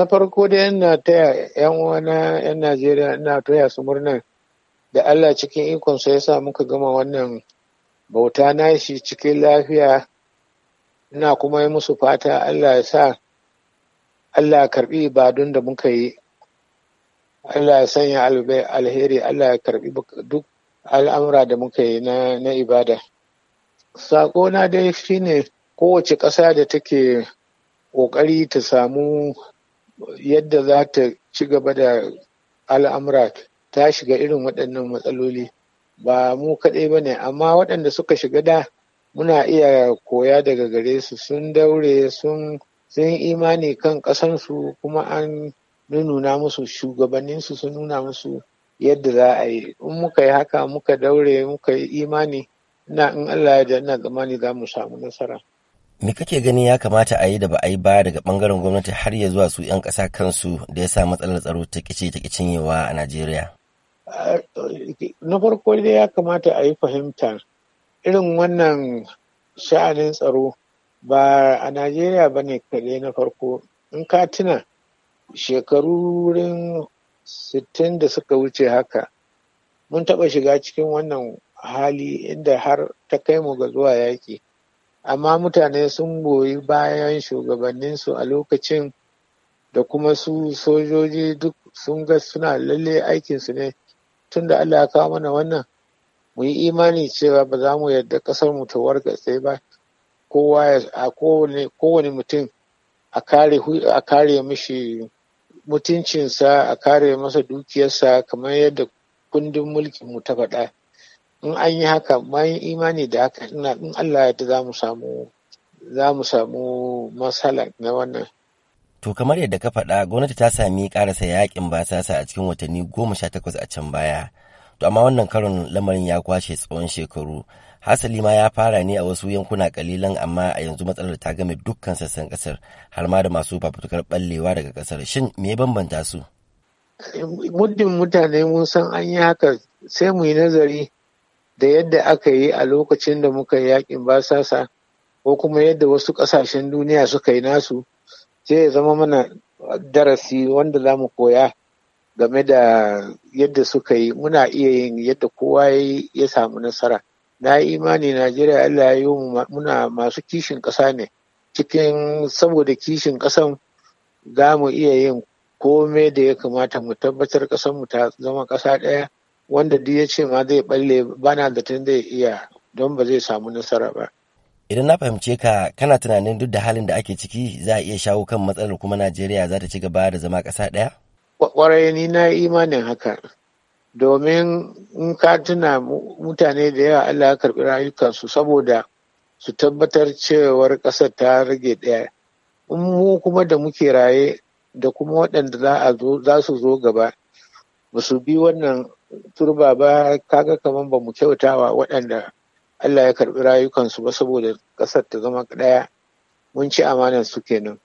na farko da na taya 'yan uwa na 'yan najeriya ina toya su murnar da allah cikin ikon ya sa muka gama wannan bauta na shi cikin lafiya ina kuma yi musu fata allah ya sa allah karbi ibadun da muka yi allah ya sanya alheri allah ya karbi duk al'amura da muka yi na ibada saƙona dai shine kowace ƙasa da take ƙoƙari ta samu yadda za ta ci gaba da al'amura ta shiga irin waɗannan matsaloli ba mu kaɗai ba ne amma waɗanda suka shiga da muna iya koya daga gare su sun daure sun sun imani kan ƙasansu kuma an nuna musu shugabanninsu sun nuna musu yadda za a yi in muka yi haka muka daure muka yi imani ina in allah ya da ina tsammani za mu samu nasara Me kake gani ya kamata a yi da ba a yi ba daga bangaren gwamnati har ya zuwa su 'yan ƙasa kansu da ya sa matsalar tsaro ta kice ta cinyewa a Najeriya? Na farko dai ya kamata a yi fahimtar irin wannan sha'anin tsaro ba a Najeriya ba ne kaɗai na farko. In ka tuna shekaru sittin da suka wuce haka mun taɓa shiga cikin wannan hali inda har ta kai mu ga zuwa yaƙi. amma mutane sun goyi bayan shugabanninsu a lokacin da kuma su sojoji duk sun ga suna lalle aikinsu ne tun da allah ya kawo mana wannan mu yi imani cewa ba za mu yarda ƙasar mu ta wargatse ba kowa ya a kowane mutum a kare mishi mutuncinsa a kare masa dukiyarsa kamar yadda kundin mulkin mu ta faɗa in an yi haka bayan imani da haka ina in Allah ya ta za mu samu za mu samu matsala na wannan To kamar yadda ka faɗa gwamnati ta sami ƙarasa yakin basasa a cikin watanni goma sha takwas a can baya. To amma wannan karon lamarin ya kwashe tsawon shekaru. Hasali ma ya fara ne a wasu yankuna kalilan amma a yanzu matsalar ta game dukkan sassan kasar har ma da masu fafutukar ballewa daga kasar. Shin me bambanta su? Muddin mutane mun san an yi haka sai mu yi nazari da yadda aka yi a lokacin da muka yi yakin basasa ko kuma yadda wasu ƙasashen duniya suka yi nasu sai ya zama mana darasi wanda za mu koya game da yadda suka yi muna iya yin yadda kowa ya samu nasara na imani najeriya allah ya yi muna masu kishin ƙasa ne cikin saboda kishin ƙasan za mu iya yin kome da ya kamata mu tabbatar ƙasanmu ta zama ƙasa ɗaya wanda duk ya ce ma zai balle bana da tun zai iya don ba zai samu nasara ba. Idan na fahimce ka kana tunanin duk da halin da ake ciki za a iya shawo kan matsalar kuma Najeriya za ta ci gaba da zama ƙasa ɗaya? Kwarai ni na imanin haka. Domin in ka tuna mutane da yawa Allah ya karɓi rayukansu saboda su tabbatar cewar ƙasar ta rage ɗaya. In mu kuma da muke raye da kuma waɗanda za su zo gaba ba su bi wannan turba ba kaga kamar ba mu kyautawa waɗanda Allah ya karɓi rayukansu ba saboda ƙasar ta zama ɗaya mun ci amanar su kenan